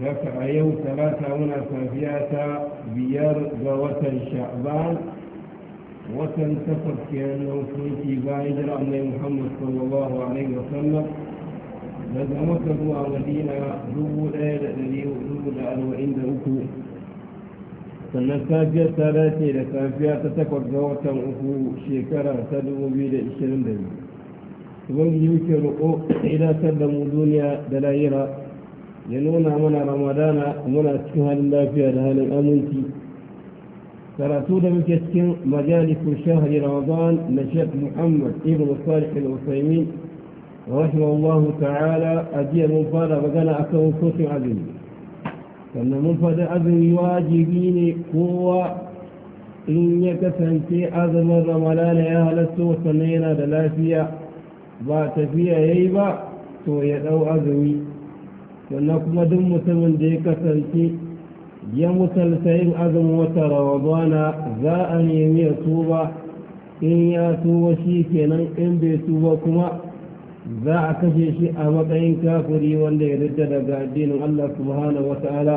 ذاك أيو ثلاثة هنا سافية بيار وطن شعبان وطن سفر كأنه سنتي بايد أن محمد صلى الله عليه وسلم لذا مكتبوا على مدينة دبو ليلة لليو دبو لألو عند أكو sannan safiya ta dace da safiya ta takwas ga watan uku shekara ta dubu biyu da ishirin da biyu ubangiji muke roƙo idan da mu duniya da lahira ya nuna mana ramadana muna cikin halin lafiya da halin aminci karatu da muke cikin majalisun shahari ramadan na shek muhammad ibn salih al-usaimin rahimahullahu ta'ala a jiya mun fara magana akan hukuncin azumi sannan mun faɗi azumi wajibi ne kowa in ya kasance azumin ramadana ya halatta sannan yana da lafiya ba tafiya ya yi ba to ya ɗau azumi sannan kuma duk mutumin da ya kasance ya mutalta yin azumin wata ramadana za a nemi ya tuba in ya tuba shi kenan in bai tuba kuma za a kashe shi a matsayin kafiri wanda ya ridda daga addinin Allah subhanahu wata'ala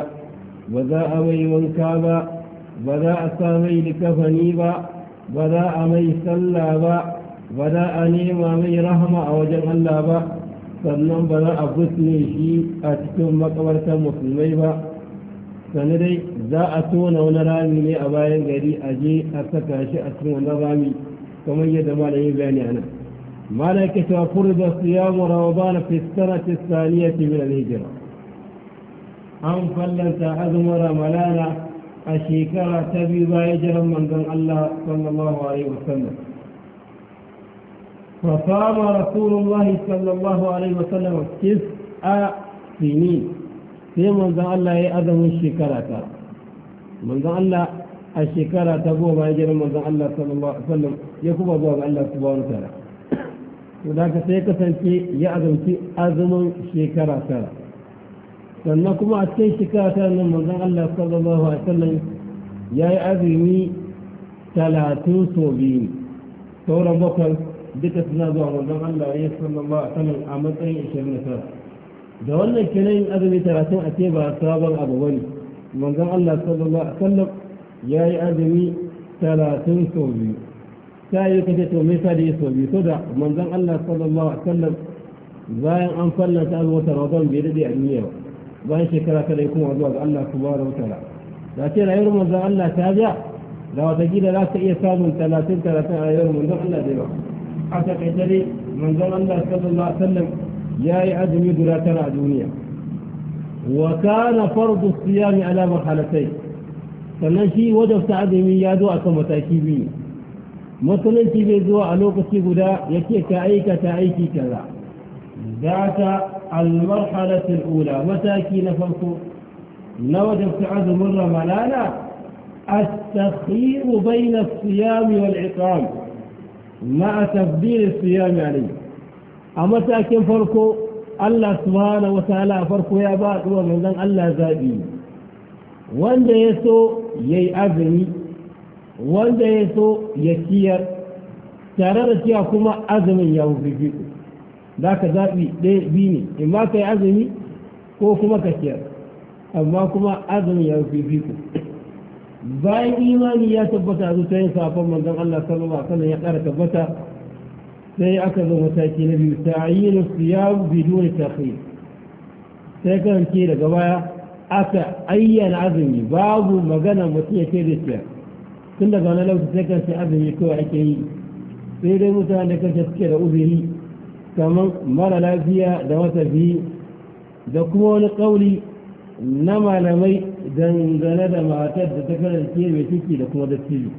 ba za a mai wanka ba ba za a sa mai likafani ba ba za a mai sallah ba ba za a nema mai rahama a wajen Allah ba sannan ba za a busne shi a cikin makabartar musulmai ba sani dai za a tona wani rami ne a bayan gari a je a saka shi a cikin wani rami kamar yadda malamin bayani ana malaka ta furda siyamu ramadan fi sanati thaniyati min al-hijra an fallanta azumin ramalana a shekara ta biyu bayan jiran manzon Allah sallallahu alaihi wasallam فصام رسول الله صلى الله عليه وسلم تسع سنين في من ذا الله يا ادم الشكرات من ذا الله الشكرات ابو ما يجري من ذا الله صلى الله عليه وسلم يكون ابو الله سبحانه وتعالى وذاك سيك سنتي يا ادم تي ادم الشكرات سنكم اتي شكرات من ذا الله صلى الله عليه وسلم يا ادمي ثلاثو سوبين سورة بكر duka suna zuwa manzon Allah ya sallallahu alaihi wasallam a matsayin 29 da wannan kenan azumi 30 a ce ba sabon abu bane manzon Allah sallallahu alaihi wasallam yayi azumi 30 sau biyu ta yi kace to me yasa da ya sau biyu to da manzon Allah sallallahu alaihi wasallam bayan an fallata azwata Ramadan bai dade a niyya bayan shekara kada kuma zuwa ga Allah subhanahu wa ta'ala da ce rayuwar manzon Allah ta ja da wata gida za ta iya samun 30 30 a rayuwar manzon Allah dai ba عتق جري من زمن الله صلى الله عليه وسلم جاي عزم يدرى ترى دنيا وكان فرض الصيام على مرحلتين فنشي ودفت عزم يادو أكما تأكيبين مثلا في بيزوا على قصي قدا يكي كأيك تأيك كذا ذات المرحلة الأولى متى كي نفرق نودفت عزم الرمالانا التخير بين الصيام والعقام ma'a tabdil siyam alai a matakin farko Allah subhanahu ala a farko ya ba duwa manzon Allah zabi wanda ya so yayi azumi wanda ya so ya ciyar tare da cewa kuma azumin ya wufi za ka zaɓi ɗaya bi ne in ba ka yi azumi ko kuma ka ciyar amma kuma azumin ya wufi ku bayan imani ya tabbata a zuciya safon manzon Allah sallallahu alaihi wasallam ya ƙara tabbata sai aka zo mataki na biyu ta'yinu siyam bidun takhir sai karance daga baya aka ayyana azumi babu magana mutum ya ce da tun daga wani lokaci sai kan sai azumi kawai ake yi sai dai mutane kashe suke da uzuri kamar mara lafiya da wata biyu da kuma wani kauli na malamai dangane da matar da ta karance mai ciki da kuma dattijo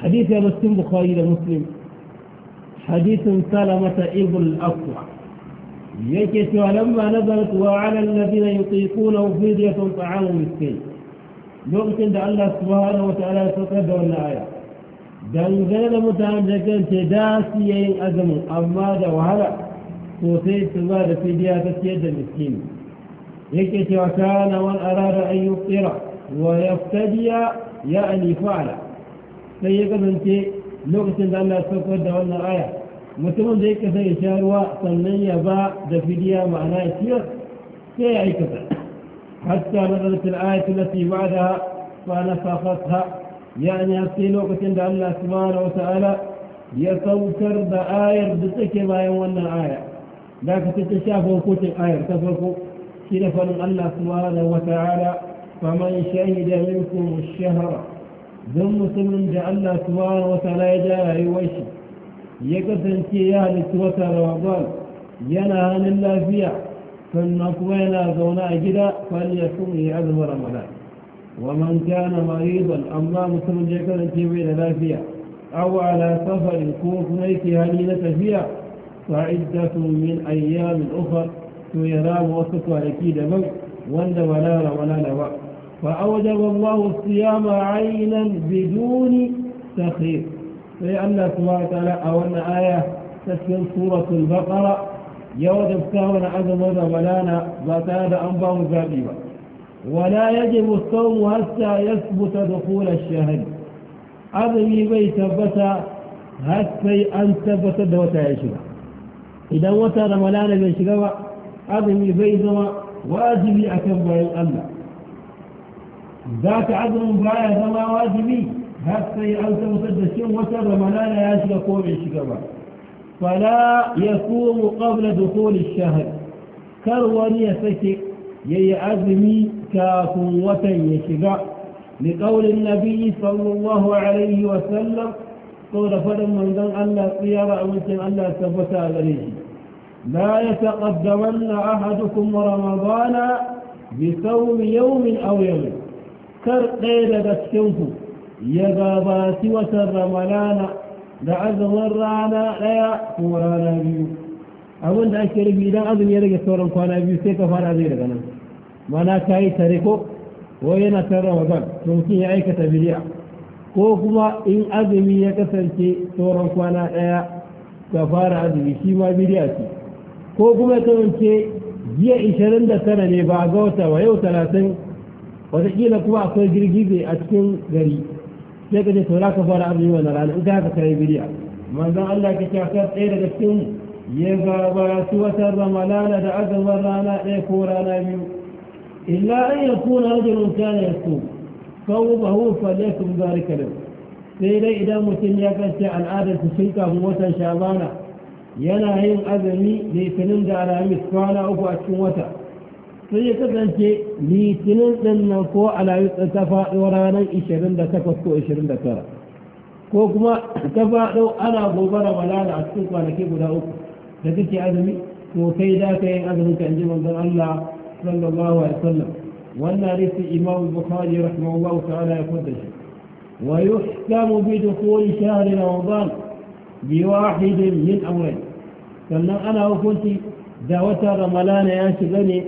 hadith ya muslim bukhari da muslim hadithun salamata ibul aqwa yake cewa lam ba nazarat wa ala alladhina yutiquna fidyatun ta'amu miskin lokacin da Allah subhanahu wa ta'ala ya saka da wannan aya dangane da mutanen da kance da su yayin azumin amma da wahala sai su ba da fidiya ta ciyar da miskin يكت وكان وان أراد أن يفطر ويفتدي يعني فعل سيقض انت لغة لأن السفر دولنا آية متمن ذلك سيشار وصنية باء دفديا معنى سير سيعكت حتى نظرت الآية التي بعدها فنصفتها يعني هذه لغة لأن الله سبحانه وتعالى يتوكر بآير ما يوانا آية لكن تتشافوا كتب آير تتوكر خلفا الله سبحانه وتعالى فمن شهد منكم الشهر ذم سمن جاء الله سبحانه وتعالى يجاء عيوش يكثن كيان توتر وضال ينا عن الله فيها اطوينا ذونا جدا فليكن يعذب رمضان ومن كان مريضا اما مسلم جكر الجبين لا فيها او على سفر كوف نيتي هليلة فيها فعدة من ايام اخر to ya rama wasu kwanaki daban wanda walala walala ba fa awjaba Allah siyama aynan biduni takhir sai Allah subhanahu ta'ala a wannan aya ta cikin suratul baqara ya wajabta wani azumin ramadana ba tare da an ba mu zaɓi ba ولا يجب الصوم حتى يثبت دخول الشهر azumi bai tabbata har sai an tabbatar da wata ya shiga idan wata ramalana bai shiga ba أدم بيدما واجبي أكبر الأمر ذات عدم بايا ذما واجبي هفت يأوت مسدس يوم وسر منانا ياشي قوم الشكبا فلا يقوم قبل دخول الشهر كروني فكي يي أدمي كاكم وتن يشبع لقول النبي صلى الله عليه وسلم قول فلما من ذن أن لا قيار أمسن أن لا ثبت على لا يتقدمن أحدكم رمضان بصوم يوم أو يوم كرقيد دكتنه يغابات وترملانا لعزم الرانا ليا ورانا بيو أقول لك شريف إذا أظن يدك سورا قانا بيو سيكا فانا ذي لغنا وانا كاي تريكو وين ترى رمضان ممكن يعيك تبديع كوكما إن أظن azumi ya kasance sauran kwana ɗaya ka fara ko kuma ta wance jiya 29 ne ba ga wata wa yau 30 wataƙila kuma akwai girgize a cikin gari sai ka ce to za ka fara azumi wannan rana in ka haka kai bidiya manzon Allah ka ce ka tsaye daga cikin ya gaba su wata ramalana da azumin rana ɗaya ko rana biyu illa an ya kuna rajulun kana ya so kawo ba hu falle sun zari kalim sai dai idan mutum ya kasance al'adar su sun kafin watan shabana yana yin azumi litinin da alamis kwana uku a cikin wata sai ya kasance litinin ɗin nan ko alamis ta faɗo ranar 28 ko 29 ko kuma ta faɗo ana gobara malala a cikin kwanaki guda uku da kake azumi to kai da ka yin azumin kan ji manzon Allah sallallahu alaihi wasallam wannan rifi imam bukhari rahimahullahu ta'ala ya fada shi ويحكم بدخول شهر رمضان بواحد من أمرين sannan ana hukunci da wata ramalana ya shiga ne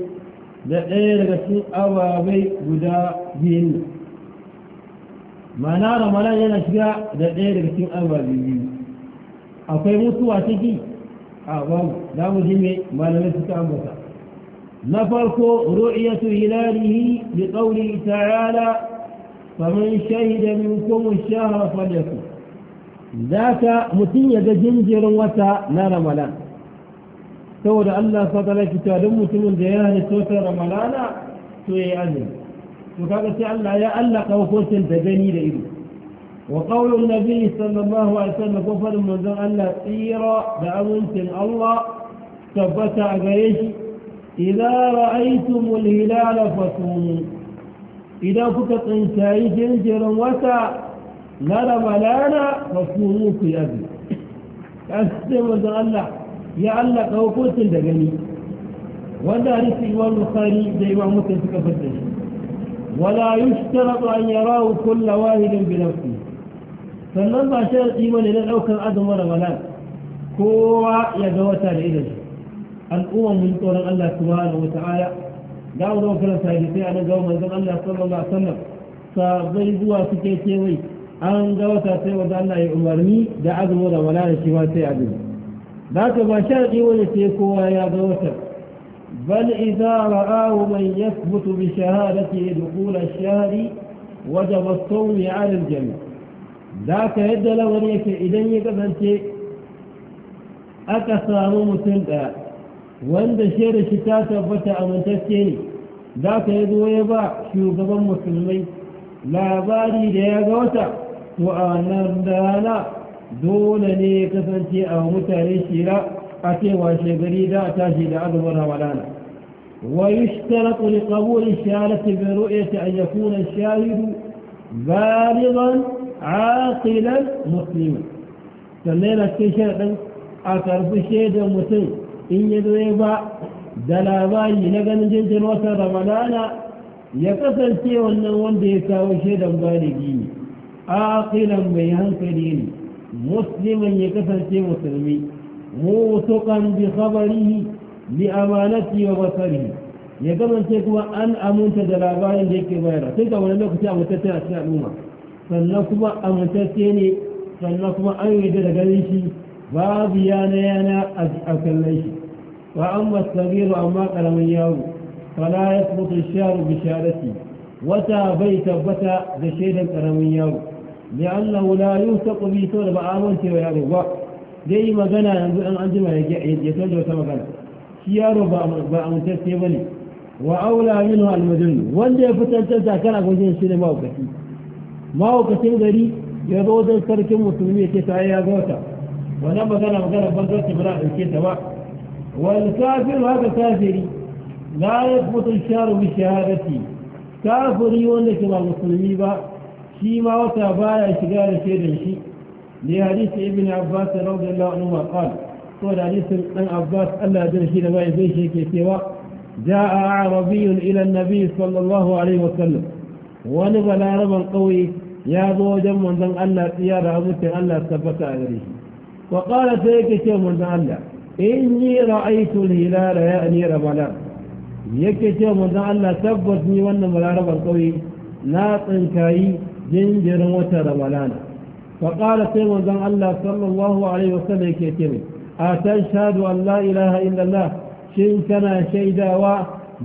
da ɗaya daga cikin ababai guda biyun mana ramalana yana shiga da ɗaya daga cikin ababai biyu akwai mutuwa ciki a babu za mu ji mai malamai suka ambata na farko ru'iyatu hilalihi bi qawli ta'ala faman shahida minkum ash-shahra falyakun zaka mutun ya ga jinjirin wata na ramadan saboda Allah ta tala fita don mutumin da ya halitta wata ramalana to ya yi azumi to kaga sai Allah ya Allah hukuncin da gani da ido wa qaulun nabi sallallahu alaihi wasallam ko farin manzon Allah tsira da amincin Allah tabbata a gare shi idza ra'aytumul hilala fasumu idan kuka tsintayi jinjirin wata na ramalana fasumu ku yazi kasu sai manzon Allah ya allaka hukuncin da gani wanda hadisi imam bukhari da imam muslim suka fadda shi wala yushtaratu an yarahu kullu wahidin bi nafsi sannan ba sharadi bane na daukar azumin ramadan kowa ya ga wata da idan al'umma mun tsoron Allah subhanahu wa ta'ala da mu zama karanta hadisi a nan ga manzon Allah sallallahu alaihi wasallam sabai zuwa suke kewaye an ga wata sai wanda Allah ya umarni da azumin ramadan shi ma sai azumi ذاك ما شرقي ولسيكوا يا دوسر بل إذا رآه من يثبت بشهادته دخول الشهر وجب الصوم على الجميع ذاك يد لغنيك إذن يقبلت أكثر مسلم وعند شير شتاتة فتاة من تسيني ذاك يدو يبع شو قبل مسلمين لا باري ليا دوسر وأنا لا dole ne ya kasance a mutane shira a cewa shegari da a tashi da azumin ramadana ويشترط لقبول الشهادة بالرؤية أن يكون الشاهد بالغا عاقلا مسلما sannan na cikin sharaɗin a karfi shaidar mutum in ya zo ba da labari na ganin jinjin watan ramadana ya kasance wannan wanda ya kawo shaidan baligi ne aqilan mai hankali ne مسلما يكفر شيء مسلمي موثقا بخبره لأمانته وبصره ya gamance kuma an aminta da labarin da yake bayarwa sai ga wani lokaci amintacce a cikin al'umma sannan kuma amintacce ne sannan kuma an yarda da ganin shi babu yana yana a kallon shi wa an masagiru amma karamin yawo fala ya tsubutu sharu bi sharati wata bai tabbata da shaidan karamin yawo لأنه لا يوثق به سوى بآمن سوى يا رب dai magana yanzu an anjima jima ya canza wata magana shi yaro ba a mutacce ba ne wa aula minu almajin wanda ya fitar canza kana gwajin shi ne mahaukaci mahaukacin gari ya zo wajen sarkin musulmi ya ce ta ya ga wata wannan magana magana bangar ta bana ɗauke ta ba wal kafir haka kafiri la ya mutu sharu bi shahadati kafiri wanda ke ba musulmi ba shi ma wata baya shiga da shaidan shi ne hadisi ibn abbas radiyallahu anhu ma qala to da hadisin dan abbas Allah ya shi da bai zai shi yake cewa ja'a arabiyyun ila an-nabi sallallahu alaihi wa sallam wani balaraban kauye ya zo wajen manzon Allah tsiya da abutin Allah tabbata a gare shi wa qala sai yake ce manzon Allah inni ra'aytu al-hilala ya'ni ramadan yake ce manzon Allah tabbas ni wannan balaraban kauye na tsinkayi jinjirin watan ramadan فقال سيما ذن الله صلى الله عليه وسلم كيتمي أتشهد أن لا إله إلا الله شين كان شيدا و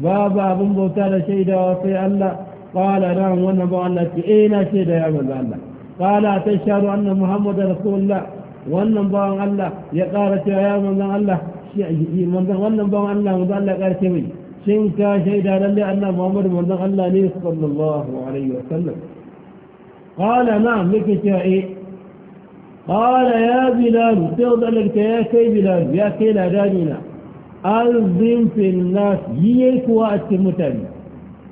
بابا بن بوتال شيدا وفي الله قال نعم ونبع الله إينا شيدا يا من الله قال أتشهد أن محمد رسول الله ونبع الله يقال يا من الله ونبع الله من الله قال كيتمي شين كان شيدا للي أن محمد من الله صلى الله عليه وسلم قال نعم لك شائع قال يا بلال تغضى لك يا كي بلال يا كي لا دانينا ألزم في الناس ييك وقت متاني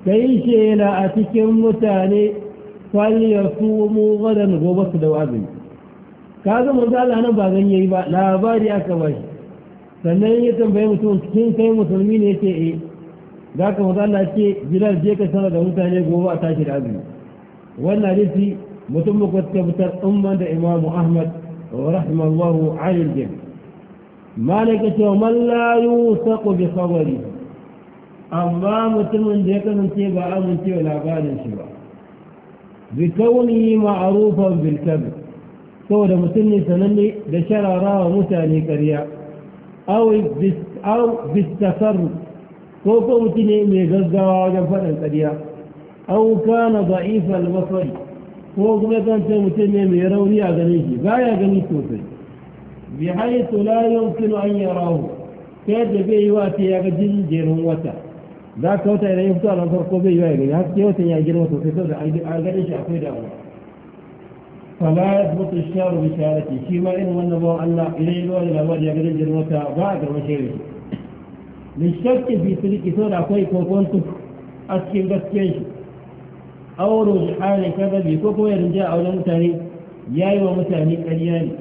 كي شيء لا أتكم متاني فليصوموا غدا غوبك دو أبن kaga manzo Allah nan ba gani yayi ba labari aka ba shi sannan ya tambaye mutum cikin kai musulmi ne yake eh zaka manzo Allah ce bilal je ka sanar da mutane gobe a tashi da azumi وانا hadisi mutum muka أمة in أحمد imamu رحمه الله عن الجن مالك ومن لا يوثق بخبره أما متمن ديك من تيبا أمن تيبا لعبان شبا بكونه معروفا بالكبر سوى متمن سنني لشرى راه متاني كريا أو بس أو بالتسرب ko ko mutum ne mai gaggawa أو كان ضعيف البصر هو قلت أنت متنم يروني أغنيه بايا أغنيه سوسي بحيث لا يمكن أن يراه كاد بي واتي يغجل جيرهم وتا ذاك وتا إلى يفتح الأنصار قبي ويغني حتى يغجل يجير وتوسي سوسي أغنيه أخوي دعوه فلا يثبت الشعر بشارتي شما إن ونبو أن إليه لو الوالي الأول يغجل جير وتا بعد المشيري للشك في سلك سورة أخوي كوكونتو بس بسكيشي aw ruhani kadhabi ko kuma yarda a wajen mutane yayi wa mutane ƙarya ne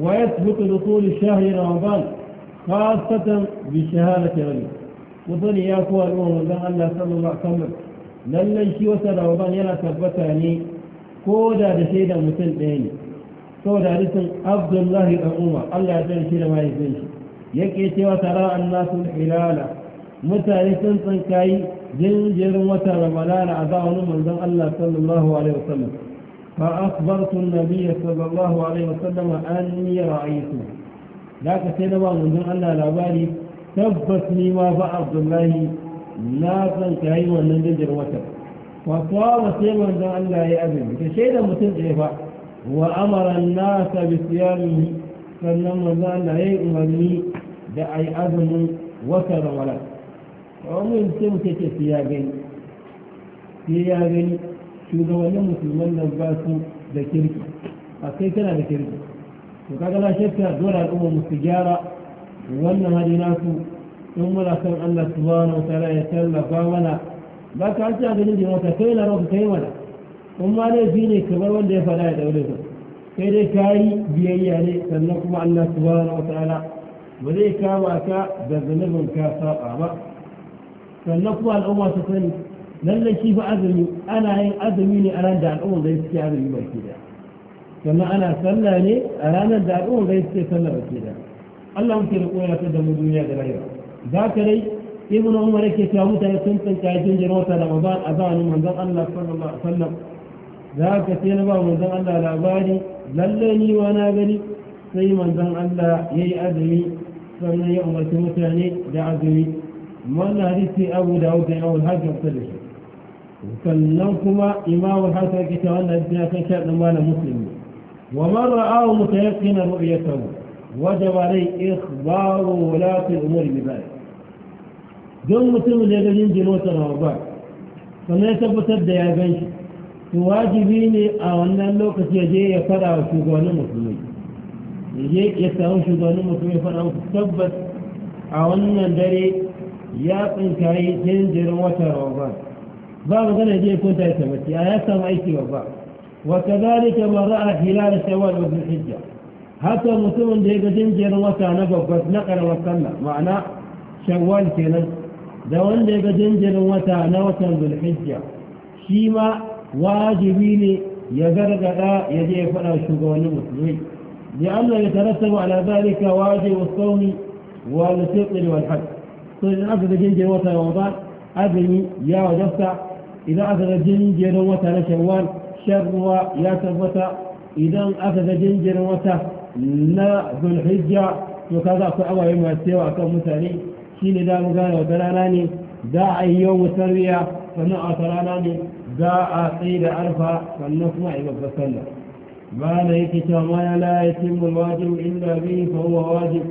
wa yathbutu dukhul shahri ramadan khasatan bi shahadati rajul mutane ya ko al'umma manzon Allah sallallahu alaihi wasallam lallai shi wata ramadan yana tabbata ne ko da da shaidar mutum ɗaya ne saboda hadisin abdullahi dan umar Allah ya tsare shi da mahaifin shi yake cewa tara annasul hilala mutane sun tsinkayi جنجر وتر رمضان أذان من الله صلى الله عليه وسلم فأخبرت النبي صلى الله عليه وسلم أني رأيته ذاك سيدنا من الله لباري تبتني ما فعبد الله ناسا كهيما جنجر وتر فصار سيما من الله يأذن كشيدا متجعفا وأمر الناس بصيامه ذن الله يأمرني دعي أذن وتر ولك wani sai mu ce sai ya gani sai ya gani shugabannin musulman nan ba su da kirki a kai tana da kirki to kaga na shakka dole al'umma mu su gyara wannan hali nasu in muna son Allah subhanahu wa ta'ala ya tallafa mana ba ka an ta ganin da mata kai na rabu kai mana in ma laifi ne kamar wanda ya faɗa ya daure ka sai dai ka yi biyayya ne sannan kuma Allah subhanahu wa ta'ala ba zai kama ka da zunubin ka saba ba sannan kuma al'umma ta sani lallai shi fa azumi ana yin azumi ne a ran da al'umma zai suke azumi baki da sannan ana sallah ne a ranar da al'umma zai suke sallah baki da Allah muke da koyar ta da mu duniya da rayuwa za ka dai ibnu umar yake cewa mutane sun tsinka jinjin wata ramadan a zamanin manzon Allah sallallahu alaihi wasallam za ka sai na ba manzon Allah labari lallai ni wa na gani sai manzon Allah yayi azumi sannan ya umarci mutane da azumi وانا حديثي أبو داود أو الحاج يقتلش فلنكما إمام الحسن كتوانا ابن أسنشاء نمان مسلم ومن رآه متيقن رؤيته وجب عليه إخبار ولاة الأمور بذلك دون مسلم لغلين جنوة الرابع فما يثبت da ya gan shi to wajibi ne a wannan lokaci ya je ya fara wa shugabannin musulmi ya je ya يا انكاي تنجر وتر وبا بعض غنى كنت اتمتي آه، يا يسر ايتي وبا وكذلك ما رأى هلال سوال وذي الحجة حتى مسلم دي تنجر وتر نبو بس نقر وصلنا معنى شوال كنز دون دي تنجر وتر نوتر ذي الحجة شيما واجبيني يزرق لا يدي فلا شغل مسلمين لأنه يترتب على ذلك واجب الصوم والفطر والحج to idan aka ga jinjiyar wata ramadan azumi ya wajabta idan aka ga jinjiyar wata na shawwal shan ruwa ya tabbata idan aka ga jinjiyar wata na zulhijja to kaza akwai abaye masu yawa akan mutane shine da mu gane wata rana ne za a yi yawon tarbiya sannan a wata rana ne za a tsaye da arfa sannan kuma a yi babbar sallah ba da yake cewa ma ya la yatimul wajib illa bihi fa huwa wajib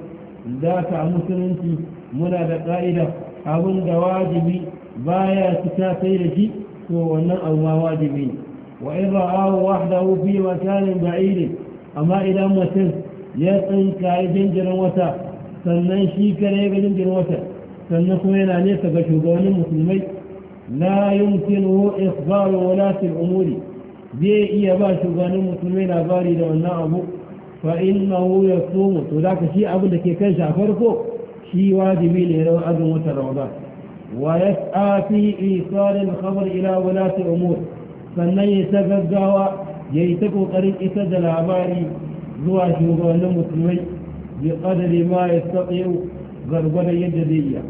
ذاك مسلمتي muna da ƙa'ida abin da wajibi baya fita sai da shi to wannan amma wajibi ne wa in ra'ahu wahdahu fi makanin ba'id amma idan mutum ya tsinka ya jinjirin wata sannan shi kare ya ga jinjirin wata sannan kuma yana nesa ga shugabannin musulmai la yumkinuhu ikhbaru wulati al-umuri zai iya ba shugabannin musulmai labari da wannan abu fa innahu yasumu to da ka shi abin da ke kan shi a farko شي واجبي لهرو أدو وترعبا ويسعى في إيصال الخبر إلى ولاة أمور فنن يتفق جاوة يتفق قريب إسد العماري ذو عشوه ونمسلمي بقدر ما يستطيع ضربة يجدية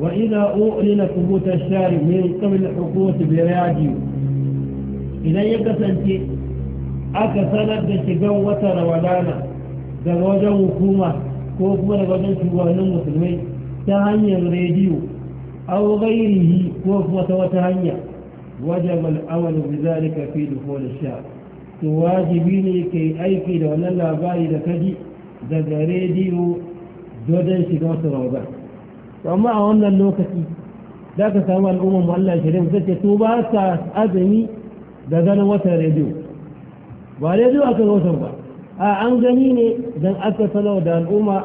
وإذا أؤلن ثبوت الشارع من قبل حقوق برياجيو إذا يقص أنت أكثر أنت جو وترى ودانا دروجة وكومة ko kuma daga wajen shugabannin musulmai ta hanyar rediyo aw ghairihi ko kuma ta wata hanya wajaba al-amal bi zalika fi dukhul ash-sha'b to wajibi ne kai aiki da wannan labari da kaji daga rediyo don shiga wasu rawar amma a wannan lokaci za ka samu al'ummar Allah shirin zai ce to ba ta azumi da ganin watan rediyo ba rediyo aka rosan ba a an gani ne don aka salo da al'umma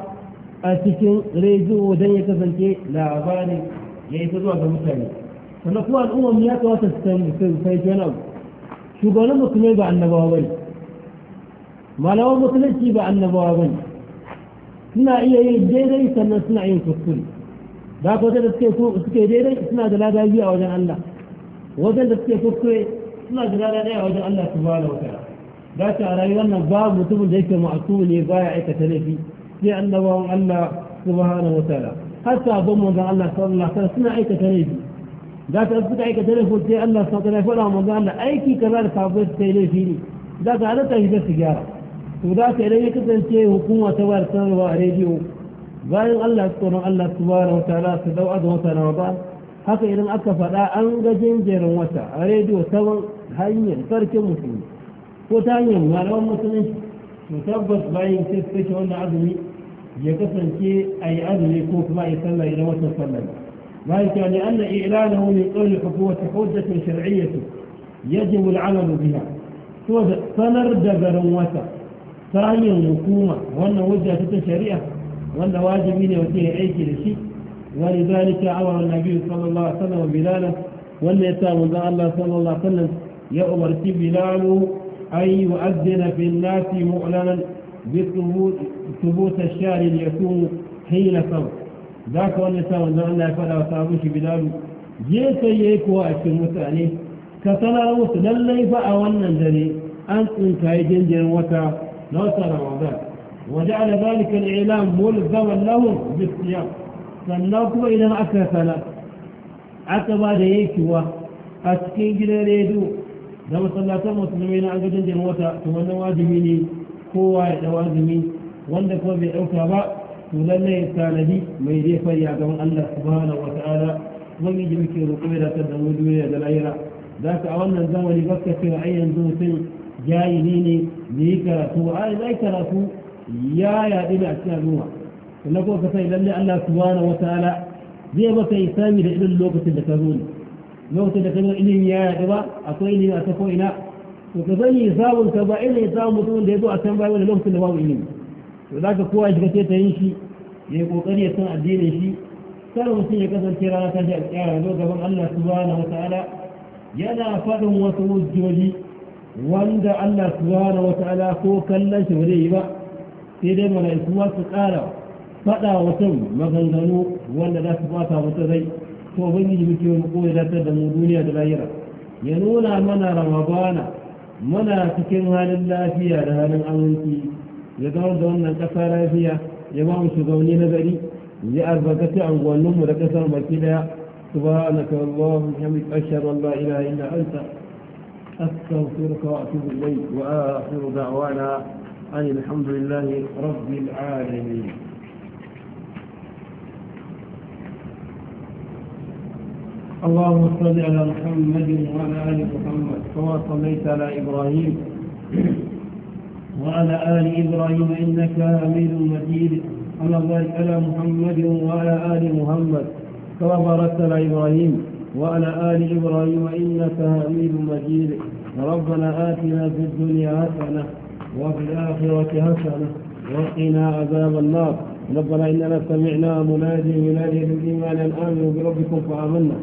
a cikin rediyo don ya kasance labarin ya yi zuwa ga mutane sannan kuma al'ummar ya kawata su san mutum sai kenan shugabannin musulmai ba annabawa bane malaman musulunci ba annabawa ne. suna iya yin daidai sannan suna yin kuskure da ko da suke suke daidai suna da ladabi biyu a wajen Allah wajen da suke kuskure suna da ladabi ɗaya a wajen Allah subhanahu wa ta'ala da ta a rayuwar nan babu mutumin da yake ma'asu ne baya aikata laifi sai annabawan Allah subhanahu wataala har sabon manzon Allah sallallahu alaihi wasallam suna aikata laifi za ta suka aikata laifi sai Allah sallallahu alaihi wasallam manzon Allah aiki kaza da sabon sai laifi ne za ka halatta shi da su gyara to za ka idan ya kasance hukuma ta bayar sanarwa a rediyo bayan Allah tsoron Allah subhanahu wataala su dau azan wata na ba haka idan aka faɗa an ga jinjirin wata a rediyo ta hanyar sarkin musulmi ko ta hanyar malaman musulunci to tabbas bayan sai su wannan azumi ya kasance a yi azumi ko kuma a yi sallah idan wata sallah bayan cewa ne an na ilana wani ƙaunin hukumar ta hujjatin shar'iyyatu يجب to da sanar da garin wata ta hanyar hukuma wannan wajen ta shari'a wanda wajibi ne wata ya aiki da shi wani zalika awar nabi sallallahu alaihi wasallam bilal wanda ya sa manzon Allah sallallahu alaihi wasallam ya umarci bilalu أي يؤذن في الناس مؤلما بثبوت الشعر ليكون حين صوت ذاك ونسان وزعنا فلا وطابوش بلال جيسا يكوى أشموت أني كتنا روس للي فأونا ذري أنت انت هاي جنجر وطا نوصر وعذاك وجعل ذلك الإعلام ملزما لهم بالسياق فالنوكو إذا أكثنا عقب هذا يكوى أسكين جنريدو da masallatan musulmi na agajin jan wata to wannan wajibi ne kowa ya da wajibi wanda kuma bai dauka ba to lalle ya tanadi mai zai fariya ga Allah subhanahu wa ta'ala wani da muke roƙo ya dace da mu duniya da lahira da ka a wannan zamani baka cewa ai yanzu mutum jahili ne da yi karatu a zai karatu ya yaɗi da a cikin al'umma sannan kuma ka sai lalle Allah subhanahu wa ta'ala zai baka isami da irin lokacin da ka zo ne lokacin da kaga ilimi ya yaɗu ba akwai ilimi a ta ina to ka sani samun ka ba ilimi samun mutumin da ya zo a can bayan lokacin da babu ilimi to za ka kowa shiga sai ta yin shi ya yi kokari ya san addinin shi kar mutum ya kasance rana ta a tsaya zo gaban Allah subhanahu wataala yana faɗin wasu hujjoji wanda Allah subhanahu wataala ko kallon shi ba zai yi ba sai dai mala'iku su ƙara faɗa wa mutum maganganu wanda za su bata mutum rai to ubangiji muke mu koyi datar da mu duniya da lahira ya nuna mana ramadana muna cikin halin lafiya da halin aminci ya zama da wannan ƙasa lafiya ya ba mu shugabanni na gari ya albarkaci anguwanninmu da ƙasar baki daya سبحانك اللهم وبحمدك أشهد أن لا إله إلا أنت أستغفرك وأتوب إليك وآخر دعوانا أن الحمد لله رب العالمين اللهم صل على محمد وعلى آل محمد كما صليت على إبراهيم وعلى آل إبراهيم إنك حميد مجيد أما بارك على محمد وعلى آل محمد كما باركت على إبراهيم وعلى آل إبراهيم إنك حميد مجيد ربنا آتنا في الدنيا حسنة وفي الآخرة حسنة وقنا عذاب النار ربنا إننا سمعنا منادي ينادي للإيمان أن آمنوا بربكم فآمنا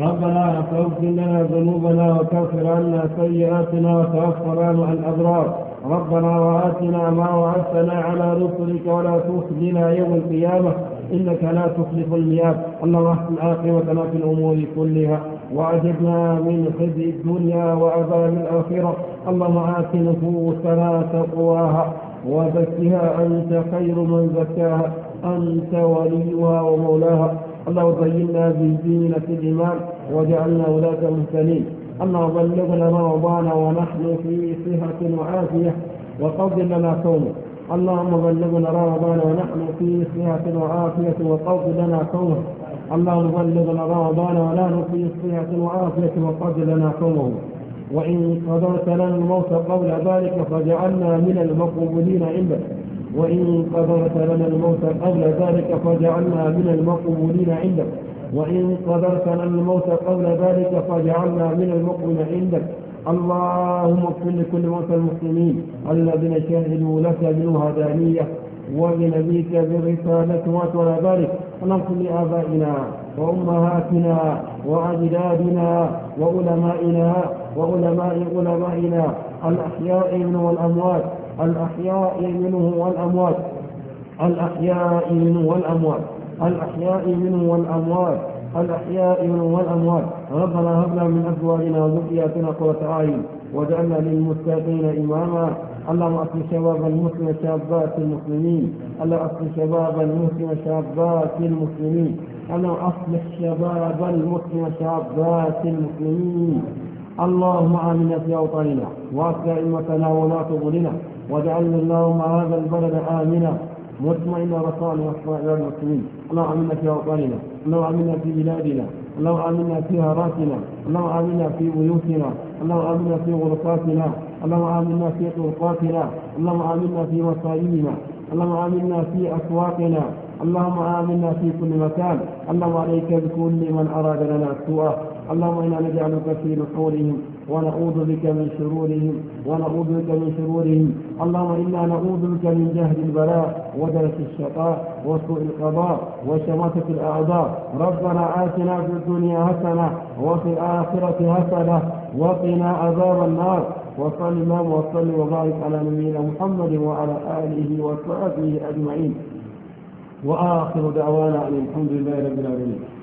ربنا فاغفر لنا ذنوبنا وكفر عنا سيئاتنا وتوفر عنا الأبرار ربنا وآتنا ما وعدتنا على رسلك ولا تخزنا يوم القيامة إنك لا تخلف المياه اللهم احسن عاقبتنا في الأمور كلها وعجبنا من خزي الدنيا وعذاب الآخرة اللهم آت نفوسنا تقواها وزكها أنت خير من زكاها أنت وليها ومولاها اللهم زينا بزينة الإيمان وجعلنا ولاة المسلمين اللهم بلغنا رمضان ونحن في صحة وعافية وقض لنا صومه اللهم بلغنا رمضان ونحن في صحة وعافية وقض لنا صومه اللهم بلغنا رمضان ونحن في صحة وعافية وقض لنا صومه وإن قدرت لنا الموت قبل ذلك فجعلنا من المقبولين عندك وإن قدرت لنا الموت قبل ذلك فجعلنا من المقبولين عندك وإن قدرت لنا الموت قبل ذلك فجعلنا من المقبولين عندك اللهم اغفر لكل موتى المسلمين الذين شهدوا لك بالوهدانية ولنبيك بالرسالة وأتولى ذلك اللهم اغفر لآبائنا وأمهاتنا وأجدادنا وعلمائنا وعلماء علمائنا الأحياء والأموات الأحياء منه والأموات الأحياء منه والأموات الأحياء منه والأموات الأحياء منه والأموات ربنا هب لنا من أزواجنا وذرياتنا قرة أعين واجعلنا للمتقين إماما اللهم أصل شباب المسلم شابات المسلمين اللهم أصل شباب المسلم شابات المسلمين اللهم أصلح شباب المسلم شابات المسلمين اللهم آمنا في أوطاننا وأصلح أئمتنا ولا أمورنا واجعلنا اللهم هذا البلد آمنا مطمئنا رسائل واصلاح المسلمين اللهم امنا في اوطاننا اللهم امنا في بلادنا اللهم امنا في هراتنا اللهم امنا في بيوتنا اللهم امنا في غرفاتنا اللهم امنا في طرقاتنا اللهم امنا في مصائبنا اللهم امنا في اسواقنا اللهم آمنا في كل مكان اللهم عليك بكل من أراد لنا سوءا اللهم إنا نجعلك في نحورهم ونعوذ بك من شرورهم ونعوذ بك من شرورهم اللهم إنا نعوذ بك من جهل البلاء ودرس الشقاء وسوء القضاء وشماتة الأعداء ربنا آتنا في الدنيا حسنة وفي الآخرة حسنة وقنا عذاب النار وصل اللهم وصل وبارك على نبينا محمد وعلى آله وصحبه أجمعين وآخر دعوانا أن الحمد لله رب العالمين